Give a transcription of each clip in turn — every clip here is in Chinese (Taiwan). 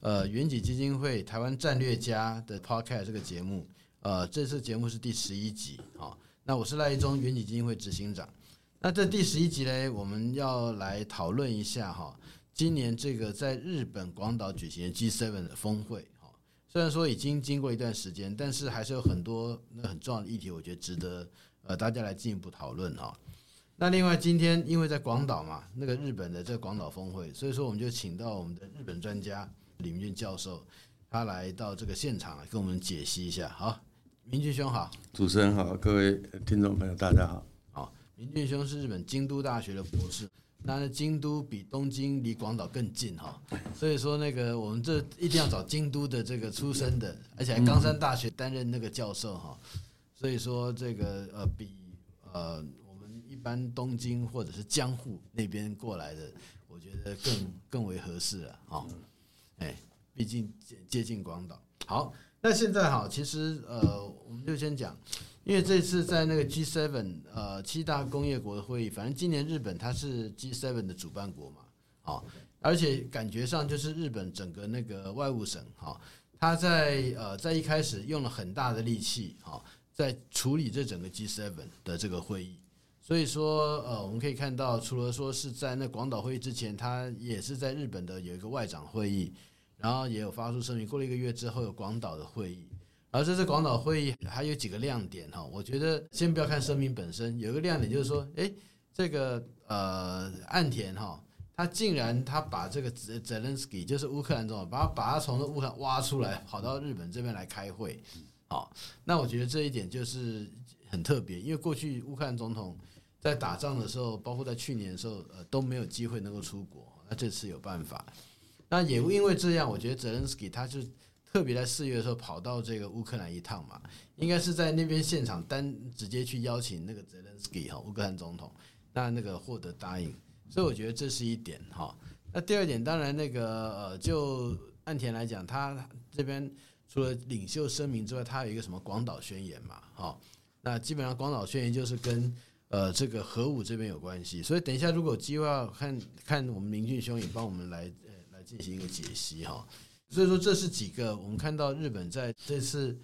呃，遠景基金會台灣戰略家的 Podcast 這個節目，呃，這次節目是第十一集哈、哦，那我是賴怡忠遠景基金會執行長。那這第十一集呢，我們要來討論一下哈、哦，今年這個在日本廣島舉行的 G Seven 的峰會哈、哦，雖然說已經經過一段時間，但是還是有很多那很重要的議題，我覺得值得呃大家來進一步討論哈、哦。那另外今天因為在廣島嘛，那個日本的這個廣島峰會，所以說我們就請到我們的日本專家。李明峻教授，他來到這個現場，來跟我們解析一下。好，明峻兄好，主持人好，各位聽眾朋友大家好。好，明峻兄是日本京都大學的博士，那京都比東京離廣島更近哈，所以說那個我們這一定要找京都的這個出生的，而且還岡山大學擔任那個教授哈，所以說這個呃比呃我們一般東京或者是江戶那邊過來的，我覺得更更為合適了哈。誒，畢竟接接近廣島。好，那現在哈，其實呃，我們就先講，因為這次在那個 G7，呃，七大工業國的會議，反正今年日本它是 G7 的主辦國嘛，啊，而且感覺上就是日本整個那個外務省哈，他在呃，在一開始用了很大的力氣哈，在處理這整個 G7 的這個會議，所以說呃，我們可以看到，除了說是在那廣島會議之前，他也是在日本的有一個外長會議。然後也有發出聲明，過了一個月之後有廣島的會議，而這次廣島會議還有幾個亮點哈，我覺得先不要看聲明本身，有一個亮點就是說，誒，這個呃岸田哈，他竟然他把這個澤澤連斯基就是烏克蘭總統，把他把他從烏克蘭挖出來，跑到日本這邊來開會，好，那我覺得這一點就是很特別，因為過去烏克蘭總統在打仗的時候，包括在去年的時候，呃都沒有機會能夠出國，那這次有辦法。那也因為這樣，我覺得澤連斯基他就特別在四月的時候跑到這個烏克蘭一趟嘛，應該是在那邊現場單直接去邀請那個澤連斯基哈烏克蘭總統，那那個獲得答應，所以我覺得這是一點哈。那第二點，當然那個呃，就岸田來講，他這邊除了領袖聲明之外，他有一個什麼廣島宣言嘛，哈。那基本上廣島宣言就是跟呃這個核武這邊有關係，所以等一下如果有機會要看看我們明俊兄也幫我們來。進行一個解析哈，所以說這是幾個我們看到日本在這次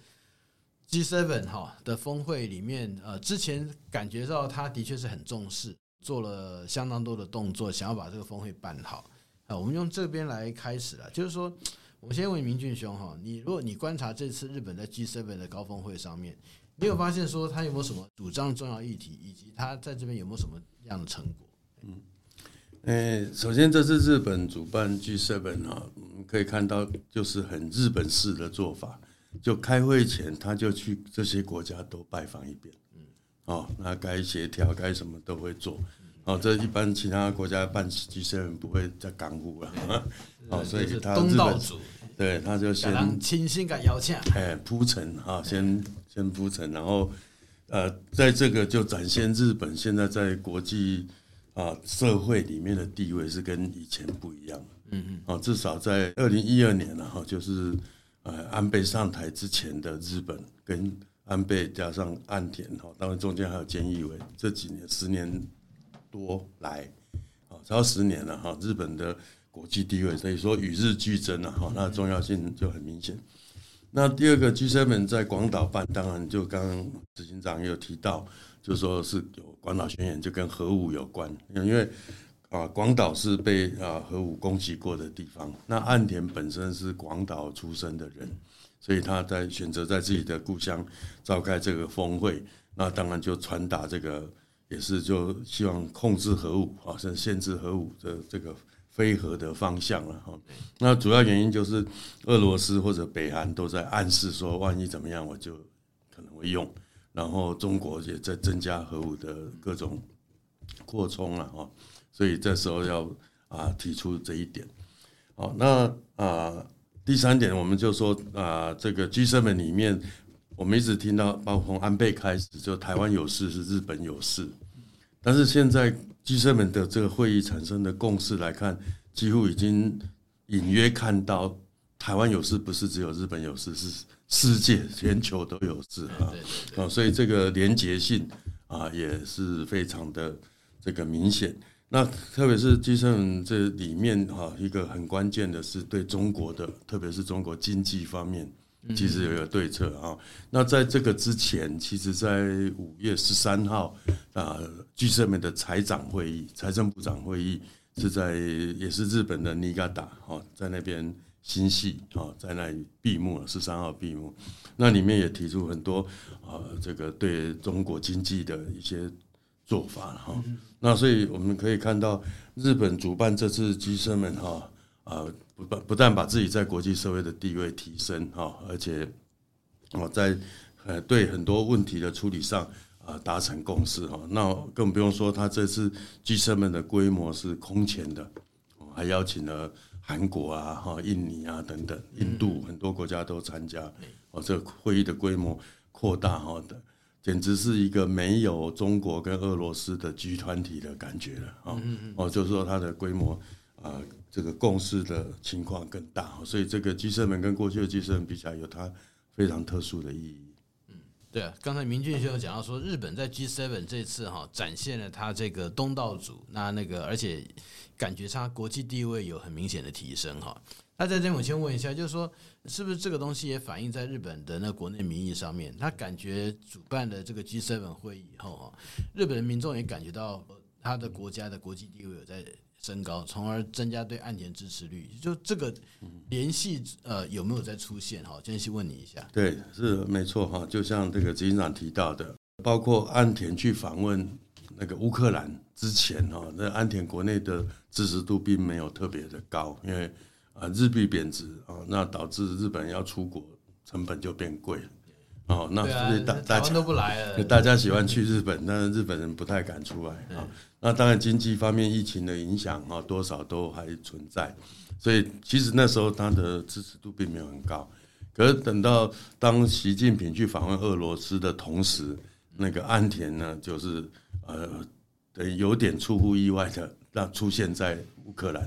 G7 哈的峰會裡面，呃，之前感覺到他的確是很重視，做了相當多的動作，想要把這個峰會辦好啊。我們用這邊來開始了，就是說，我先問明峻兄哈，你如果你觀察這次日本在 G7 的高峰會上面，你有發現說他有沒有什麼主張重要議題，以及他在這邊有沒有什麼樣的成果？嗯。誒，首先這次日本主辦 G7 呢，我們可以看到就是很日本式的做法，就開會前他就去這些國家都拜訪一遍，嗯，哦，那該協調該什麼都會做，哦、嗯，這一般其他國家辦 G7 不會在港府了，哦，是 所以他日本東道主對他就先親信感要請，哎、欸，鋪陳啊，先先鋪陳，然後呃，在這個就展現日本現在在國際。啊，社會裡面的地位是跟以前不一樣嗯嗯，啊，至少在二零一二年，了哈，就是呃安倍上台之前的日本，跟安倍加上岸田哈，當然中間還有菅義偉，這幾年十年多來，啊，超過十年了哈，日本的國際地位，所以說與日俱增了哈，那重要性就很明顯。那第二個，G7 們在廣島辦，當然就剛剛執行長也有提到。就說是有廣島宣言，就跟核武有關，因為啊，廣島是被啊核武攻擊過的地方。那岸田本身是廣島出生的人，所以他在選擇在自己的故鄉召開這個峰會，那當然就傳達這個也是就希望控制核武啊，甚至限制核武的這個非核的方向了哈。那主要原因就是俄羅斯或者北韓都在暗示說，萬一怎麼樣，我就可能會用。然後中國也在增加核武的各種擴充了、啊、哈，所以這時候要啊提出這一點，好，那、呃、啊第三點我們就說啊、呃、這個 G7 們裡面，我們一直聽到，包括從安倍開始就台灣有事是日本有事，但是現在 G7 們的這個會議產生的共識來看，幾乎已經隱約看到。台灣有事不是只有日本有事，是世界全球都有事哈，啊，所以這個連結性啊也是非常的這個明顯。那特別是 G7 這裡面哈、啊，一個很關鍵的是對中國的，特別是中國經濟方面，其實有一個對策、嗯、啊。那在這個之前，其實在，在五月十三號啊，G7 們的財長會議、財政部長會議是在也是日本的尼加達哈，在那邊。心繫，啊，在那裡閉幕了，十三號閉幕，那裡面也提出很多啊，這個對中國經濟的一些做法哈。那所以我們可以看到，日本主辦這次 G7 Summit 哈啊，不、erm、不但把自己在國際社會的地位提升哈，而且我在呃對很多問題的處理上啊達成共識哈。那更不用說，他這次 G7 Summit、erm、的規模是空前的，還邀請了。韓國啊，哈，印尼啊，等等，印度很多國家都參加，哦，這個會議的規模擴大哈的，簡直是一個沒有中國跟俄羅斯的 G20 的感覺了啊，哦，就是說它的規模啊，這個共識的情況更大，所以這個 G 7跟過去的 G 7比較，有它非常特殊的意義。嗯，對啊，剛才明峻先講到說，日本在 G 7這次哈，展現了它這個東道主，那那個而且。感覺上他國際地位有很明顯的提升哈，那在這邊我先問一下，就是說是不是這個東西也反映在日本的那國內民意上面？他感覺主辦的這個 G7 會議以後哈，日本的民眾也感覺到他的國家的國際地位有在升高，從而增加對岸田支持率，就這個聯繫呃有沒有在出現？哈，今天先問你一下。對，是沒錯哈，就像這個執行長提到的，包括岸田去訪問那個烏克蘭。之前哈、啊，那岸田國內的支持度並沒有特別的高，因為啊日幣貶值啊，那導致日本要出國成本就變貴了，哦，那所以大大家都不來了，大家喜歡去日本，對但是日本人不太敢出來啊。對那當然經濟方面疫情的影響啊，多少都還存在，所以其實那時候他的支持度並沒有很高。可是等到當習近平去訪問俄羅斯的同時，那個岸田呢，就是呃。等於有點出乎意外的，那出現在烏克蘭，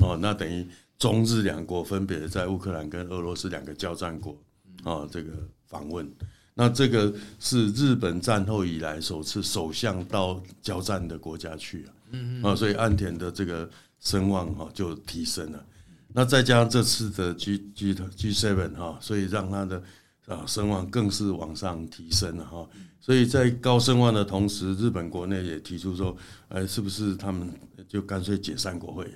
哦，那等於中日兩國分別在烏克蘭跟俄羅斯兩個交戰國，啊，這個訪問，那這個是日本戰後以來首次首相到交戰的國家去，嗯，所以岸田的這個聲望就提升了，那再加上這次的 G G G Seven 哈，所以讓他的。啊，聲望更是往上提升了哈，所以在高聲望的同時，日本國內也提出說，哎，是不是他們就乾脆解散國會？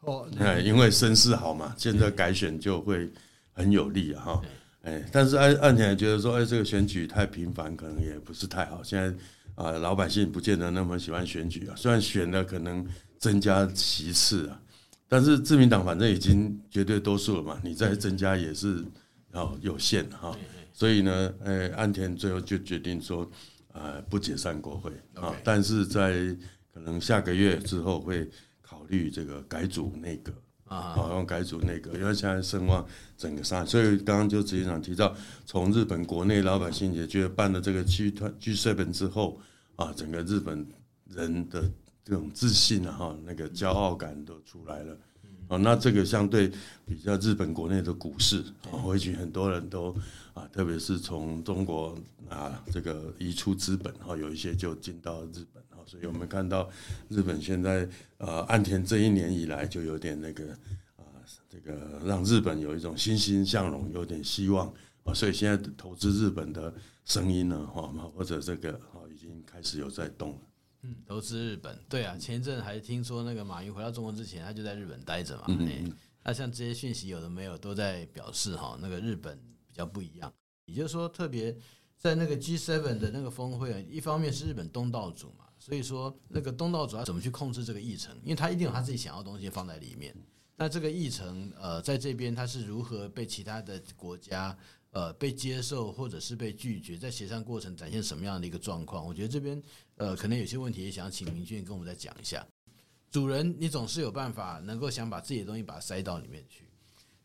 哦，哎，因為聲勢好嘛，現在改選就會很有利哈。哎，但是岸田覺得說，哎，這個選舉太頻繁，可能也不是太好。現在啊，老百姓不見得那麼喜歡選舉啊，雖然選了可能增加席次啊，但是自民黨反正已經絕對多數了嘛，你再增加也是。哦，有限哈，所以呢，誒，岸田最後就決定說，呃，不解散國會啊，Okay. 但是在可能下個月之後會考慮這個改組內閣啊，改組內閣，因為現在聲望整個上，所以剛剛就執行長提到，從日本國內老百姓也覺得辦了這個 G7 之後啊，整個日本人的這種自信啊，哈，那個驕傲感都出來了。哦，那這個相對比較日本國內的股市，或許很多人都啊，特別是從中國啊這個移出資本，哈，有一些就進到日本，哈，所以我們看到日本現在啊、呃，岸田這一年以來就有點那個啊，這個讓日本有一種欣欣向榮、有點希望啊，所以現在投資日本的聲音呢，哈，或者這個哈，已經開始有在動。投資日本，對啊，前一陣還聽說那個馬雲回到中國之前，他就在日本待着嘛、欸。那像這些訊息，有的沒有，都在表示哈，那個日本比較不一樣。也就是說，特別在那個 G7 的那個峰會，一方面是日本東道主嘛，所以說那個東道主要怎麼去控制這個議程，因為他一定有他自己想要的東西放在裡面。那這個議程，呃，在這邊他是如何被其他的國家？呃，被接受或者是被拒絕，在協商過程展現什麼樣的一個狀況？我覺得這邊呃，可能有些問題，也想請明峻跟我們再講一下。主人，你總是有辦法能夠想把自己的東西把它塞到裡面去。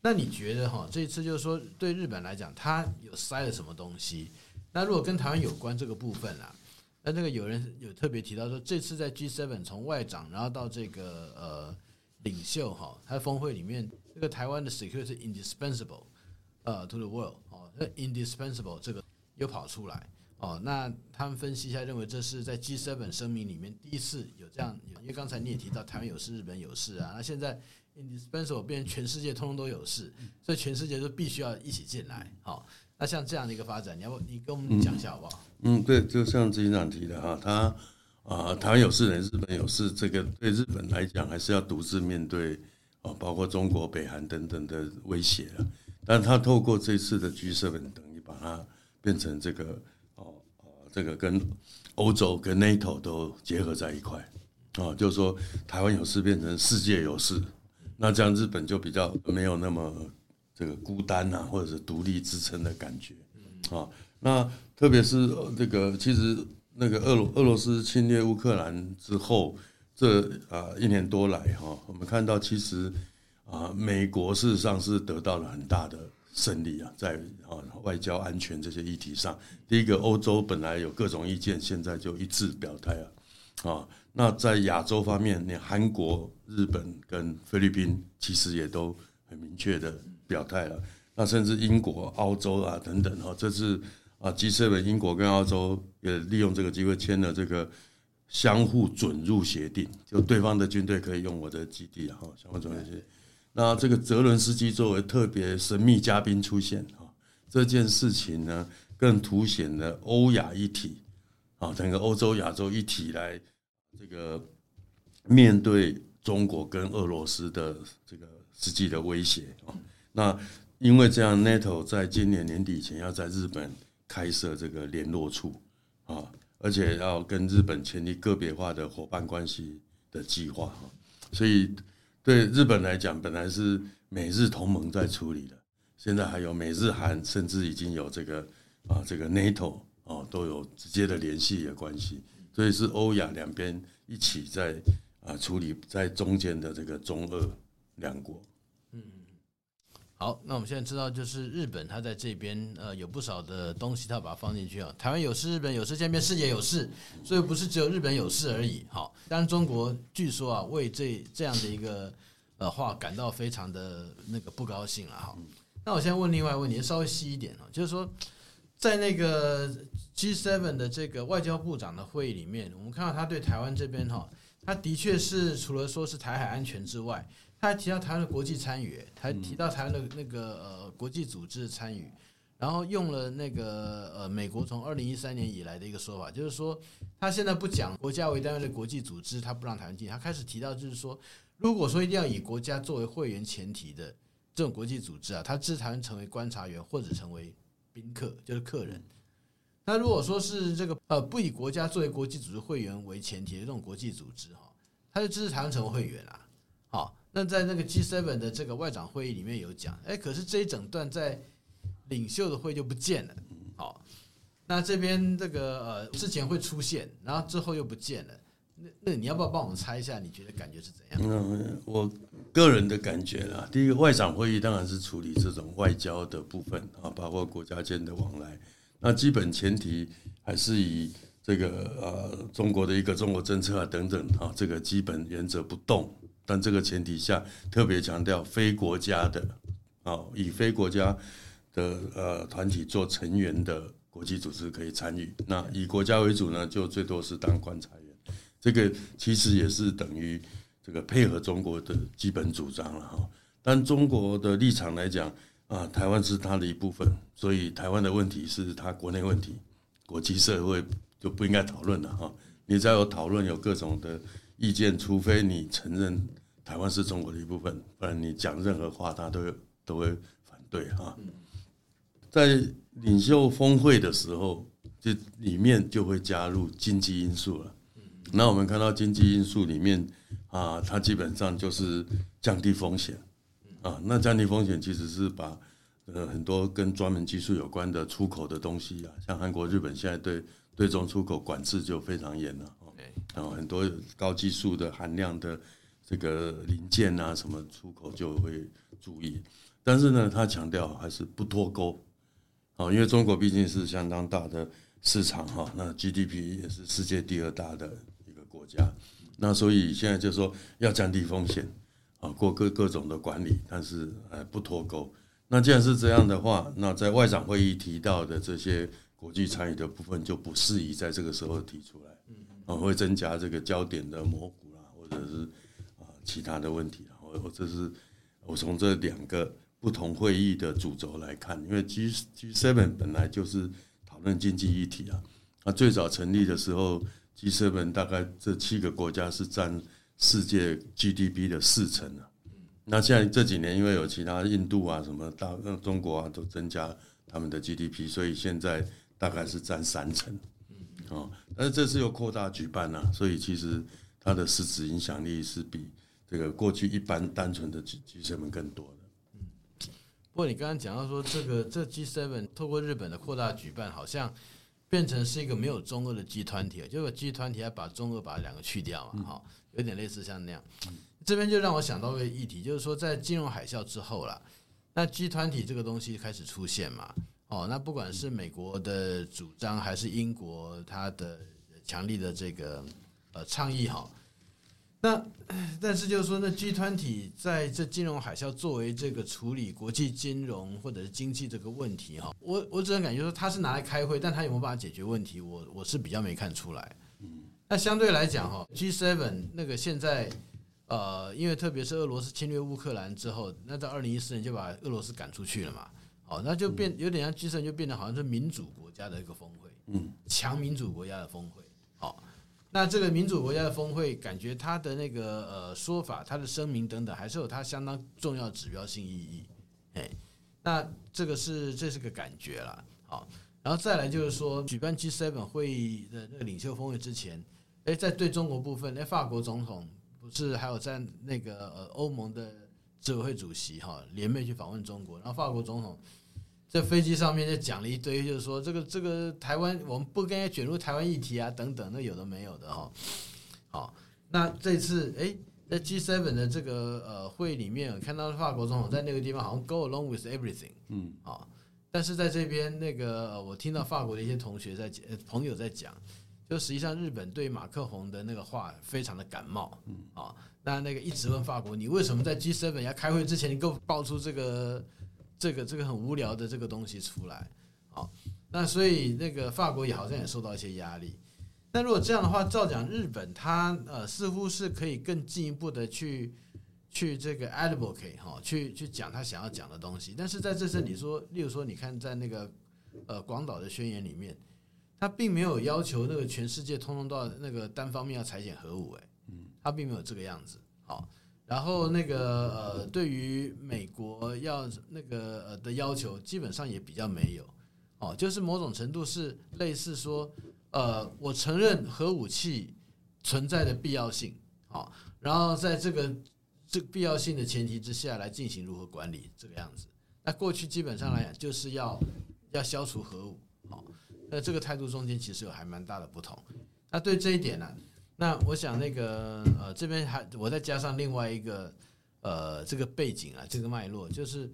那你覺得哈，這一次就是說，對日本來講，他有塞了什麼東西？那如果跟台灣有關這個部分啊，那這個有人有特別提到說，這次在 G7 從外長然後到這個呃領袖哈，它峰會裡面，這個台灣的 security is indispensable 呃、uh、to the world。那 indispensable 這個又跑出來哦，那他們分析一下，認為這是在 G7 聲明裡面第一次有這樣，因為剛才你也提到台灣有事，日本有事啊，那現在 indispensable 變成全世界通通都有事，所以全世界都必須要一起進來哦。好，那像這樣的一個發展，你要不你跟我們講一下好不好？嗯，嗯，對，就像之前長提的哈，他啊，台灣有事，人日本有事，這個對日本來講還是要獨自面對啊，包括中國、北韓等等的威脅啊。但他透過這次的 G7 等於把它變成這個哦，這個跟歐洲跟 NATO 都結合在一塊，啊，就是說台灣有事變成世界有事，那這樣日本就比較沒有那麼這個孤單吶，或者是獨立支撐的感覺，啊，那特別是這個其實那個俄羅俄羅斯侵略烏克蘭之後，這啊一年多來哈，我們看到其實。啊，美國事實上是得到了很大的勝利啊，在啊外交安全這些議題上，第一個歐洲本來有各種意見，現在就一致表態了，啊，那在亞洲方面，你韓國、日本跟菲律賓其實也都很明確的表態了，那甚至英國、澳洲啊等等哈，這次啊，其實呢，英國跟澳洲也利用這個機會簽了這個相互准入協定，就對方的軍隊可以用我的基地哈，相互准入協那這個澤倫斯基作為特別神秘嘉賓出現啊，這件事情呢，更凸顯了歐亞一體，啊，整個歐洲亞洲一體來這個面對中國跟俄羅斯的這個實際的威脅啊。那因為這樣，NATO 在今年年底前要在日本開設這個聯絡處啊，而且要跟日本簽訂個別化的夥伴關係的計劃哈，所以。對日本來講，本來是美日同盟在處理的，現在還有美日韓，甚至已經有這個啊，這個 NATO 哦，都有直接的聯繫的關係，所以是歐亞兩邊一起在啊處理在中間的這個中俄兩國。好，那我們現在知道，就是日本他在這邊，呃，有不少的東西，他把它放進去啊。台灣有事，日本有事，這邊世界有事，所以不是只有日本有事而已。好，當然中國據說啊，為這這樣的一個呃話感到非常的那個不高興啊。好，那我先問另外一個問題，稍微細一點啊，就是說，在那個 G7 的這個外交部長的會議裡面，我們看到他對台灣這邊哈，他的確是除了說是台海安全之外。他還提到台灣的國際參與，他提到台灣的那個呃國際組織的參與，然後用了那個呃美國從二零一三年以來的一個說法，就是說他現在不講國家為單位的國際組織，他不讓台灣進，他開始提到就是說，如果說一定要以國家作為會員前提的這種國際組織啊，他支持台灣成為觀察員或者成為賓客，就是客人。那如果說是這個呃不以國家作為國際組織會員為前提的這種國際組織哈、啊，他就支持台灣成為會員啊。那在那個 G7 的這個外長會議裡面有講，哎，可是這一整段在領袖的會就不見了。好，那這邊這個呃之前會出現，然後之後又不見了。那那你要不要幫我們猜一下？你覺得感覺是怎樣？嗯，我個人的感覺啦、啊，第一個外長會議當然是處理這種外交的部分啊，包括國家間的往來。那基本前提還是以這個呃、啊、中國的一個中國政策啊等等啊，這個基本原則不動。但這個前提下，特別強調非國家的，啊，以非國家的呃團體做成員的國際組織可以參與。那以國家為主呢，就最多是當觀察員。這個其實也是等於這個配合中國的基本主張了哈。但中國的立場來講啊，台灣是它的一部分，所以台灣的問題是它國內問題，國際社會就不應該討論了哈。你只要有討論，有各種的意見，除非你承認。台灣是中國的一部分，不然你講任何話，他都都會反對。在領袖峰會的時候，這裡面就會加入經濟因素了。那我們看到經濟因素裡面啊，它基本上就是降低風險啊。那降低風險其實是把呃很多跟專門技術有關的出口的東西啊，像韓國、日本現在對對中出口管制就非常嚴了。然後很多高技術的含量的。這個零件啊，什麼出口就會注意，但是呢，他強調還是不脫鈎，因為中國畢竟是相當大的市場哈，那 GDP 也是世界第二大的一個國家，那所以現在就是說要降低風險啊，過各各種的管理，但是呃不脫鈎。那既然是這樣的話，那在外長會議提到的這些國際參與的部分就不適宜在這個時候提出來，嗯，會增加這個焦點的模糊啊，或者是。其他的問題，然後我這是我從這兩個不同會議的主軸來看，因為 G G Seven 本來就是討論經濟議題啊。那最早成立的時候，G Seven 大概這七個國家是占世界 GDP 的四成啊。那現在這幾年因為有其他印度啊什麼大中國啊都增加他們的 GDP，所以現在大概是占三成啊。但是這次又擴大舉辦了啊，，所以其實它的實質影響力是比。這個過去一般單純的 G G seven 更多。嗯，不過你剛剛講到說這個這個、G seven 透過日本的擴大舉辦，好像變成是一個沒有中俄的 G20。結果 G20 還把中俄把兩個去掉嘛，哈、嗯，有點類似像那樣。這邊就讓我想到一個議題，就是說在金融海嘯之後了，那 G20 這個東西開始出現嘛，哦，那不管是美國的主張，還是英國他的強力的這個呃倡議，哈。那，但是就是說，那 G 團體在這金融海嘯作為這個處理國際金融或者是經濟這個問題哈，我我只能感覺說，他是拿來開會，但他有沒有辦法解決問題，我我是比較沒看出來。那相對來講哈，G Seven 那個現在，呃，因為特別是俄羅斯侵略烏克蘭之後，那到二零一四年就把俄羅斯趕出去了嘛，好，那就變有點像 G Seven 就變得好像是民主國家的一個峰會，嗯，強民主國家的峰會，好。那這個民主國家的峰會，感覺他的那個呃說法、他的聲明等等，還是有他相當重要指標性意義。哎，那這個是這是個感覺啦。好，然後再來就是說，舉辦 G7 會議的那個領袖峰會之前，誒，在對中國部分，哎，法國總統不是還有在那個呃歐盟的執委會主席哈聯袂去訪問中國，然後法國總統。在飛機上面就講了一堆，就是說這個這個台灣，我們不應該捲入台灣議題啊，等等，那有的沒有的哈、哦。好，那這次誒、欸，在 G7 的這個呃會裡面，看到法國總統在那個地方好像 go along with everything，嗯、哦，但是在這邊那個、呃、我聽到法國的一些同學在講，朋友在講，就實際上日本對馬克宏的那個話非常的感冒，嗯，啊、哦，那那個一直問法國，你為什麼在 G7 要開會之前你給我爆出這個？這個這個很無聊的這個東西出來，好，那所以那個法國也好像也受到一些壓力。但如果這樣的話，照講日本他呃似乎是可以更進一步的去去這個 advocate 哈、哦，去去講他想要講的東西。但是在這次你說，例如說你看在那個呃廣島的宣言裡面，他並沒有要求那個全世界通通到那個單方面要裁減核武、欸，誒，嗯，他並沒有這個樣子，哦。然後那個呃，對於美國要那個呃的要求，基本上也比較沒有哦，就是某種程度是類似說，呃，我承認核武器存在的必要性哦，然後在這個這個必要性的前提之下來進行如何管理這個樣子。那過去基本上來講，就是要要消除核武哦，那這個態度中間其實有還蠻大的不同。那對這一點呢、啊？那我想那個呃，這邊還我再加上另外一個呃，這個背景啊，這個脈絡，就是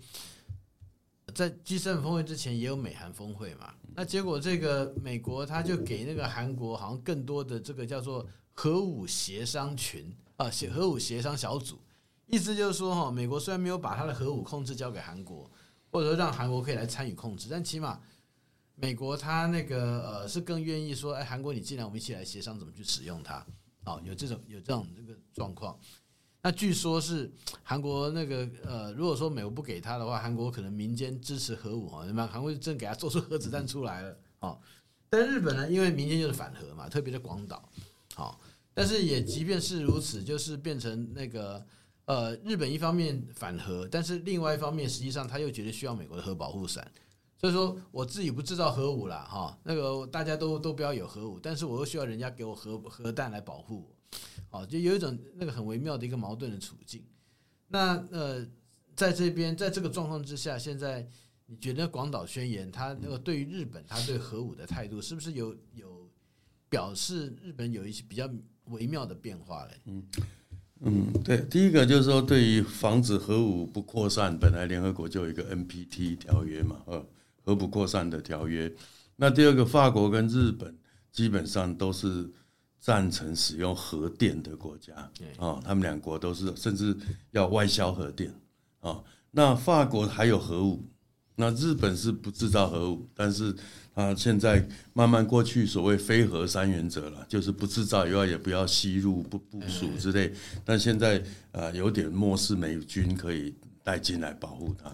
在 G7 峰會之前也有美韓峰會嘛。那結果這個美國他就給那個韓國好像更多的這個叫做核武協商群啊，協核武協商小組，意思就是說哈，美國雖然沒有把他的核武控制交給韓國，或者說讓韓國可以來參與控制，但起碼。美國他那個呃是更願意說，哎，韓國你進來，我們一起來協商怎麼去使用它，哦，有這種有這種這個狀況。那據說是韓國那個呃，如果說美國不給他的話，韓國可能民間支持核武啊，那麼韓國就真給他做出核子彈出來了哦，但日本呢，因為民間就是反核嘛，特別的廣島，好，哦，但是也即便是如此，就是變成那個呃，日本一方面反核，但是另外一方面，實際上他又覺得需要美國的核保護傘。所以說，我自己不製造核武了哈，那個大家都都不要有核武，但是我又需要人家給我核核彈來保護我，好，就有一種那個很微妙的一個矛盾的處境。那呃，在這邊，在這個狀況之下，現在你覺得《廣島宣言》它那個對於日本，它對核武的態度，是不是有有表示日本有一些比較微妙的變化嘞？嗯嗯，對，第一個就是說，對於防止核武不擴散，本來聯合國就有一個 NPT 條約嘛，核不擴散的條約。那第二個，法國跟日本基本上都是贊成使用核電的國家啊，他們兩國都是甚至要外銷核電啊。那法國還有核武，那日本是不製造核武，但是它現在慢慢過去所謂非核三原則了，就是不製造以外也不要吸入、不部署之類。但現在呃，有點漠視美軍可以帶進來保護它。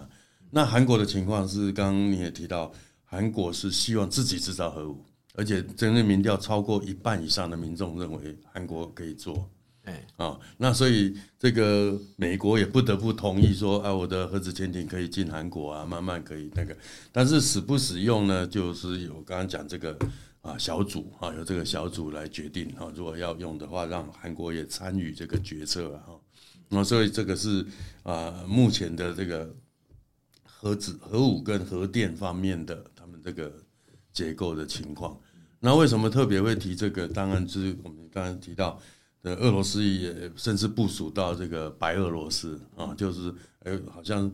那韓國的情況是，剛剛你也提到，韓國是希望自己制造核武，而且真正民調，超過一半以上的民眾認為韓國可以做，啊對、哦，那所以這個美國也不得不同意說，啊，我的核子潛艇可以進韓國啊，慢慢可以那個，但是使不使用呢，就是有剛剛講這個啊小組啊、哦，有這個小組來決定啊、哦，如果要用的話，讓韓國也參與這個決策啊、哦，那所以這個是啊，目前的這個。核子、核武跟核電方面的他們這個結構的情況，那為什麼特別會提這個？當然就是我們剛剛提到，俄羅斯也甚至部署到這個白俄羅斯啊，就是哎、欸、好像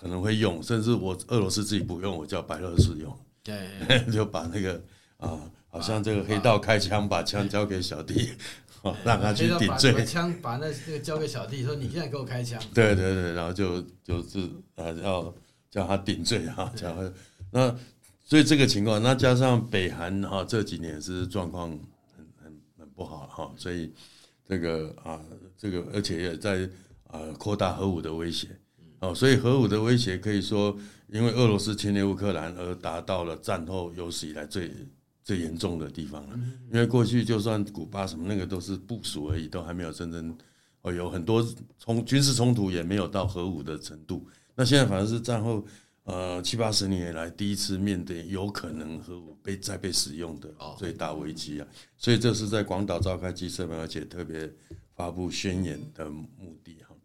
可能會用，甚至我俄羅斯自己不用，我叫白俄羅斯用，對， 就把那個啊，好像這個黑道開槍，把槍交給小弟，對讓他去頂罪，槍把那那個交給小弟，說你現在給我開槍，對對對，然後就就是呃要。啊然後叫他頂罪哈，叫他那，所以這個情況，那加上北韓哈、哦、這幾年是狀況很很很不好哈、哦，所以這個啊，這個而且也在啊、呃、擴大核武的威脅哦，所以核武的威脅可以說，因為俄羅斯侵略烏克蘭而達到了戰後有史以來最最嚴重的地方了。因為過去就算古巴什麼那個都是部署而已，都還沒有真正哦，有很多衝軍事衝突也沒有到核武的程度。那現在反正是戰後，呃，七八十年以來第一次面對有可能核武被再被使用的最大危機啊，所以這是在廣島召開記者會，而且特別發布宣言的目的哈、啊。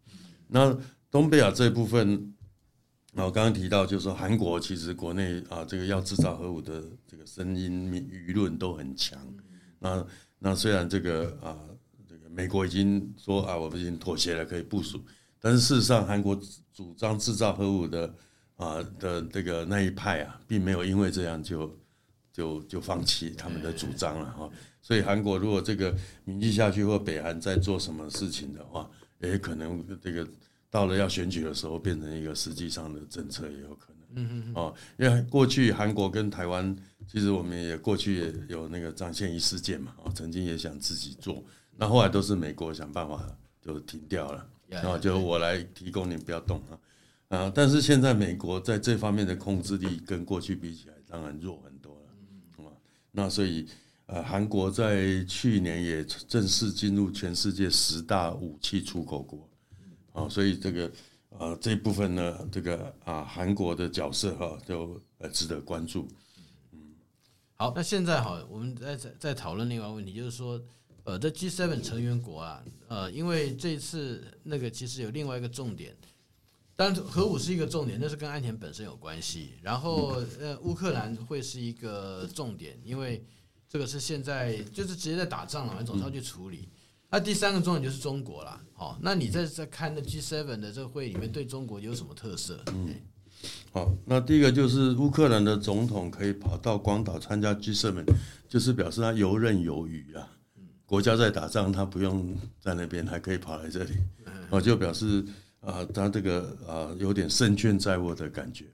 那東北亞這一部分，那我剛剛提到就是說，韓國其實國內啊，這個要製造核武的這個聲音輿論都很強。那那雖然這個啊，這個美國已經說啊，我們已經妥協了，可以部署。但是事實上，韓國主張制造核武的啊的這個那一派啊，並沒有因為這樣就就就放棄他們的主張了哈。欸欸欸所以，韓國如果這個銘記下去，或北韓在做什麼事情的話，也、欸、可能這個到了要選舉的時候，變成一個實際上的政策也有可能。嗯嗯。哦，因為過去韓國跟台灣，其實我們也過去也有那個張憲義事件嘛，哦，曾經也想自己做，那後來都是美國想辦法就停掉了。就我來提供，你不要動啊，但是現在美國在這方面的控制力跟過去比起來，當然弱很多了，啊。那所以，呃，韓國在去年也正式進入全世界十大武器出口國，啊，所以這個、啊、這部分呢，這個啊韓國的角色哈，都值得關注。嗯，好，那現在哈，我們在在在討論另外一個問題，就是說。呃，這 G7 成員國啊，呃，因為這一次那個其實有另外一個重點，當然核武是一個重點，那，就是跟岸田本身有關係。然後呃，烏克蘭會是一個重點，因為這個是現在就是直接在打仗了，總要去處理。嗯，那第三個重點就是中國了。好，哦，那你在在看的 G7 的這個會裡面，對中國有什麼特色？嗯，好，那第一個就是烏克蘭的總統可以跑到廣島參加 G7，就是表示他游刃有餘啊。國家在打仗，他不用在那邊，還可以跑來這裡，我就表示啊、呃，他這個啊、呃、有點勝券在握的感覺。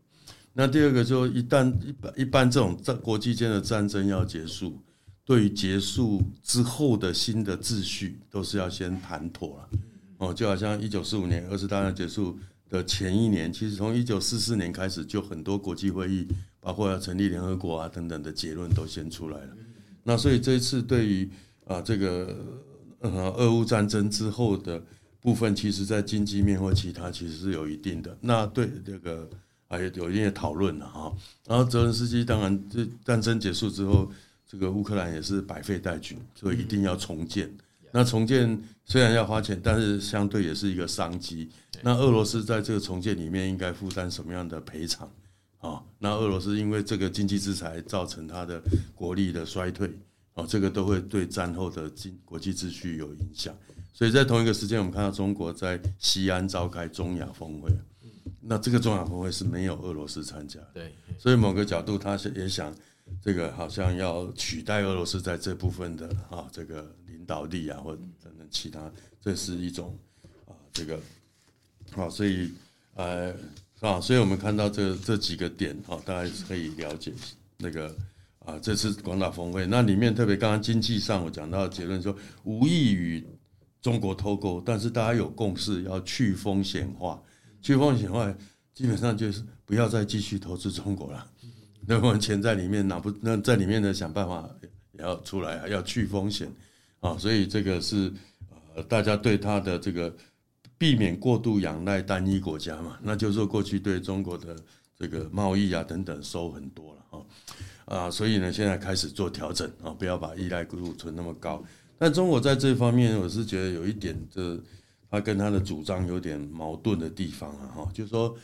那第二個就一旦一般一般這種戰國際間的戰爭要結束，對於結束之後的新的秩序，都是要先談妥了。哦，就好像一九四五年二次大戰結束的前一年，其實從一九四四年開始，就很多國際會議，包括要成立聯合國啊等等的結論都先出來了。那所以這一次對於啊，這個呃、嗯啊，俄烏戰爭之後的部分，其實，在經濟面或其他，其實是有一定的。那對這個還有、啊、有一些討論了哈。然後澤連斯基當然，這戰爭結束之後，這個烏克蘭也是百廢待舉，所以一定要重建。那重建雖然要花錢，但是相對也是一個商機。那俄羅斯在這個重建裡面應該負擔什麼樣的賠償啊？那俄羅斯因為這個經濟制裁，造成它的國力的衰退。哦，這個都會對戰後的國際秩序有影響，所以在同一個時間，我們看到中國在西安召開中亞峰會，那這個中亞峰會是沒有俄羅斯參加，對，所以某個角度，他是也想這個好像要取代俄羅斯在這部分的啊這個領導力啊，或等等其他，這是一種啊這個，啊。所以呃啊，所以我們看到這這幾個點啊，大家可以了解那個。啊，這次廣島峰會，那裡面特別剛剛經濟上，我講到的結論說，無意與中國脫鈎，但是大家有共識要去風險化，去風險化基本上就是不要再繼續投資中國了，那麼錢在裡面拿不那在裡面呢？想辦法也要出來、啊，還要去風險啊，所以這個是呃，大家對他的這個避免過度仰賴單一國家嘛，那就是說過去對中國的這個貿易啊等等收很多了啊。啊，所以呢，現在開始做調整啊、哦，不要把依賴度存那麼高。但中國在這方面，我是覺得有一點這，這他跟他的主張有點矛盾的地方啊。哈、哦，就是說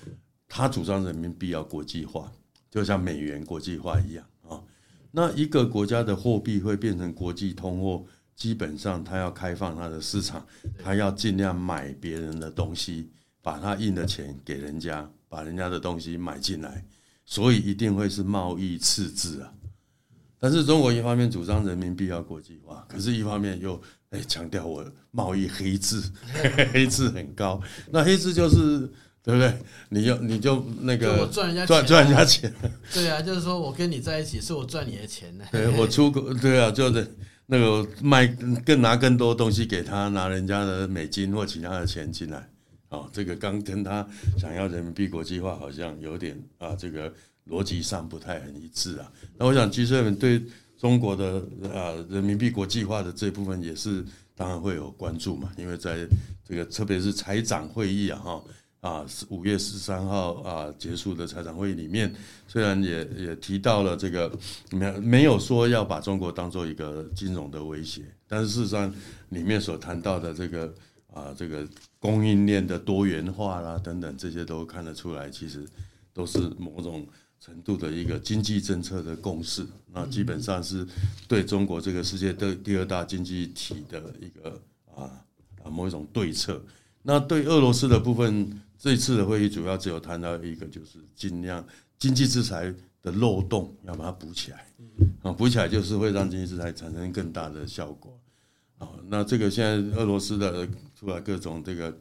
他主張人民幣要國際化，就像美元國際化一樣啊、哦。那一個國家的貨幣會變成國際通貨，基本上他要開放他的市場，他要儘量買別人的東西，把他印的錢給人家，把人家的東西買進來。所以一定會是貿易赤字啊，但是中國一方面主張人民幣要國際化，可是一方面又哎強調我貿易黑字，黑字很高。那黑字就是對不對？你就你就那個賺人家賺賺人家錢、啊。對啊，就是說我跟你在一起，是我賺你的錢呢。對，我出口對啊，就是那個賣更拿更多東西給他，拿人家的美金或其他的錢進來。啊、哦，這個剛跟他想要人民幣國際化好像有點啊，這個邏輯上不太很一致啊。那我想，其實對中國的啊人民幣國際化的這部分也是當然會有關注嘛，因為在這個特別是財長會議啊，哈啊五月十三號啊結束的財長會議裡面，雖然也也提到了這個沒有沒有說要把中國當做一個金融的威脅，但是事實上裡面所談到的這個啊這個。供應鏈的多元化啦，等等，這些都看得出來，其實都是某種程度的一個經濟政策的共識。那基本上是對中國這個世界的第二大經濟體的一個啊啊某一種對策。那對俄羅斯的部分，這次的會議主要只有談到一個，就是盡量經濟制裁的漏洞要把它補起來。啊，補起來就是會讓經濟制裁產生更大的效果。啊，那這個現在俄羅斯的出來各種這個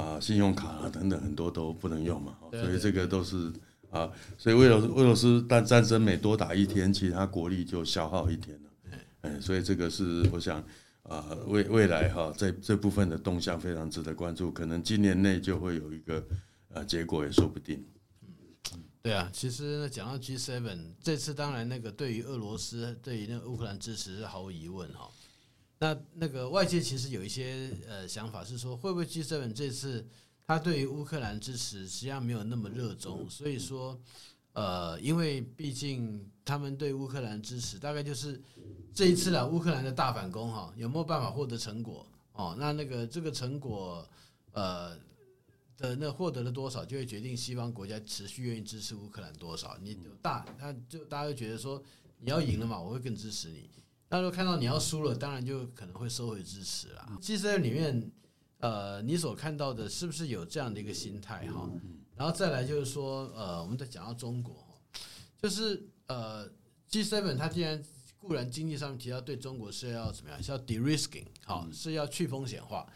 啊，信用卡啊等等很多都不能用嘛，對啊、所以這個都是啊，所以俄羅斯俄羅斯但戰爭每多打一天，其實它國力就消耗一天了。嗯，所以這個是我想啊，未未來哈、啊、在這部分的動向非常值得關注，可能今年內就會有一個啊，結果也說不定。對啊，其實講到 G Seven，這次當然那個對於俄羅斯對於那個烏克蘭支持是毫無疑問哈。那那個外界其實有一些呃，想法是說，會不會 G7 本這次他對於烏克蘭支持實際上沒有那麼熱衷？所以說，呃，因為畢竟他們對烏克蘭支持大概就是這一次了烏克蘭的大反攻哈、哦，有沒有辦法獲得成果？哦，那那個這個成果呃，的那獲得了多少，就會決定西方國家持續願意支持烏克蘭多少。你大他就大家都覺得說，你要贏了嘛，我會更支持你。他說：“大家如果看到你要輸了，當然就可能會收回支持了。”G7 裡面，呃，你所看到的是不是有這樣的一個心態哈？然後再來就是說，呃，我們再講到中國，就是呃，G7 他既然固然經濟上面提到對中國是要怎麼樣，是要 de-risking，好是要去風險化，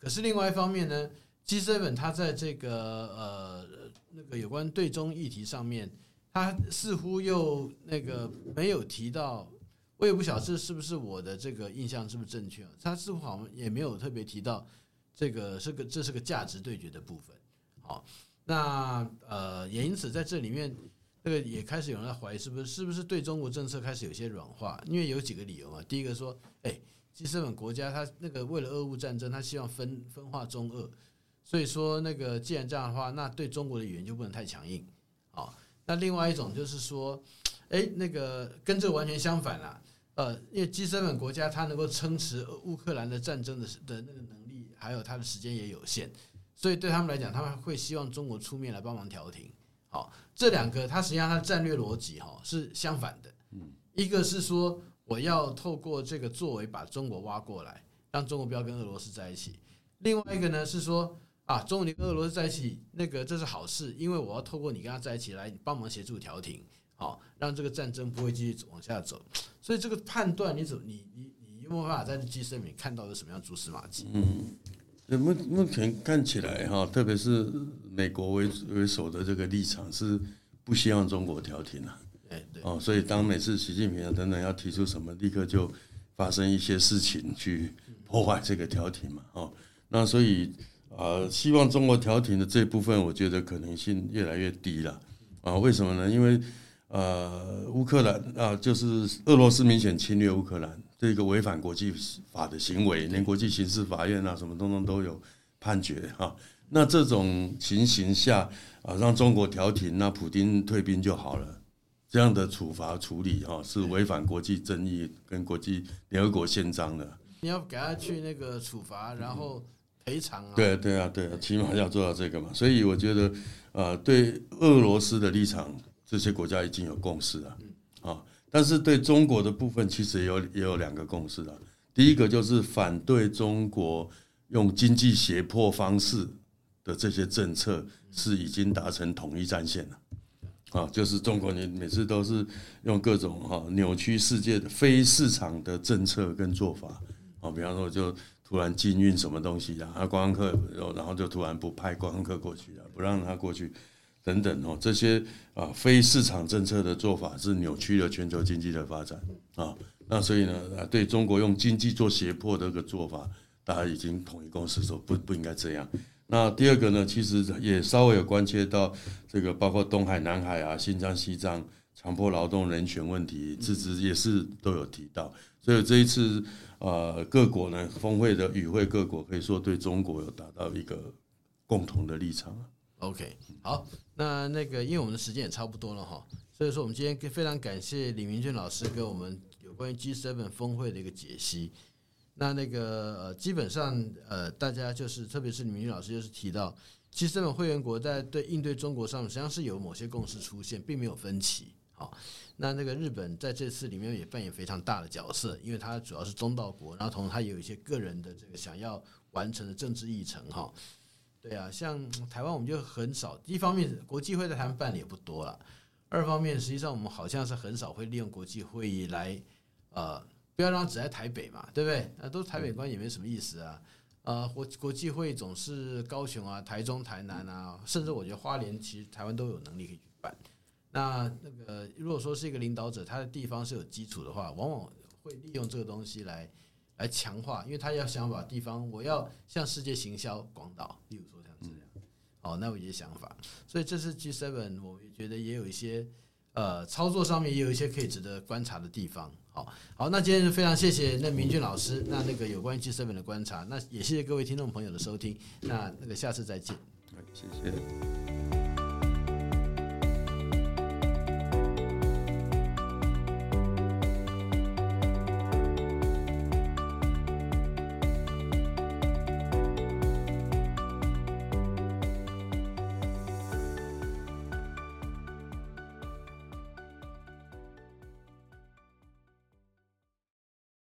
可是另外一方面呢，G7 他在這個呃那個有關對中議題上面，他似乎又那個沒有提到。我也不曉得這是不是我的這個印象是不是正確啊？他似乎好像也沒有特別提到這個是個這是個價值對決的部分。好，那呃也因此在這裡面，這個也開始有人在懷疑是不是是不是對中國政策開始有些軟化？因為有幾個理由啊。第一個說，哎，其實我們國家他那個為了俄烏戰爭，他希望分分化中俄，所以說那個既然這樣的話，那對中國的語言就不能太強硬。好，那另外一種就是說。哎，那個跟這個完全相反了，啊，呃，因為 G7 國家它能夠撐持烏克蘭的戰爭的的那個能力，還有它的時間也有限，所以對他們來講，他們會希望中國出面來幫忙調停。好、哦，這兩個他實際上他的戰略邏輯哈是相反的，一個是說我要透過這個作為把中國挖過來，讓中國不要跟俄羅斯在一起；另外一個呢是說啊，中國你跟俄羅斯在一起，那個這是好事，因為我要透過你跟他在一起來幫忙協助調停。好，讓這個戰爭不會繼續往下走，所以這個判斷，你怎麼你你你沒有辦法在歷史裡面看到有什麼樣蛛絲馬跡。嗯，目目前看起來哈，特別是美國為為首的這個立場是不希望中國調停的、啊。誒，對哦，對對對對，所以當每次習近平啊等等要提出什麼，立刻就發生一些事情去破壞這個調停嘛。哦、嗯，那所以啊、呃，希望中國調停的這一部分，我覺得可能性越來越低了。啊，為什麼呢？因為呃，烏克蘭啊，就是俄羅斯明顯侵略烏克蘭，這個違反國際法的行為，連國際刑事法院啊什麼東東都有判決哈、啊。那這種情形下啊，讓中國調停，那、啊、普丁退兵就好了。這樣的處罰處理哈、啊，是違反國際正義跟國際聯合國憲章的。你要給他去那個處罰，然後賠償啊、嗯、啊？對對啊對，起碼要做到這個嘛。所以我覺得呃、啊，對俄羅斯的立場。這些國家已經有共識了，啊，但是對中國的部分其實也有也有兩個共識了。第一個就是反對中國用經濟脅迫方式的這些政策是已經達成統一戰線了，啊，就是中國你每次都是用各種哈扭曲世界的非市場的政策跟做法，啊，比方說就突然禁運什麼東西啊，然後觀光客，然後然後就突然不派觀光客過去了，不讓他過去。等等哦，這些啊非市場政策的做法是扭曲了全球經濟的發展啊。那所以呢，對中國用經濟做脅迫的這個做法，大家已經統一共識說不不應該這樣。那第二個呢，其實也稍微有關切到這個，包括東海、南海啊、新疆、西藏強迫勞動、人權問題，這些也是都有提到。所以這一次呃各國呢峰會的與會各國可以說對中國有達到一個共同的立場。OK，好，那那個，因為我們的時間也差不多了哈，所以說我們今天非常感謝李明峻老師給我們有關於 G7 峰會的一個解析。那那個，呃，基本上，呃，大家就是，特別是李明峻老師，就是提到，G7 會員國在對應對中國上，實際上是有某些共識出現，並沒有分歧。好，那那個日本在這次裡面也扮演非常大的角色，因為它主要是中道國，然後同時它也有一些個人的這個想要完成的政治議程，哈。對啊，像台灣我們就很少，一方面國際會在台灣辦的也不多了，啊，二方面實際上我們好像是很少會利用國際會議來，呃，不要讓它只在台北嘛，對不對？那，啊、都台北關也沒什麼意思啊，呃，國際會議總是高雄啊，台中，台南啊，甚至我覺得花蓮其實台灣都有能力可以去辦。那那個如果說是一個領導者，他的地方是有基礎的話，往往會利用這個東西來來強化，因為他要想把地方，我要向世界行銷廣島，哦，那我有些想法，所以這次 G7，我覺得也有一些，呃，操作上面也有一些可以值得觀察的地方。好，好，那今天就非常謝謝那明峻老師，那那個有關於 G7 的觀察，那也謝謝各位聽眾朋友的收聽，那那個下次再見，謝謝。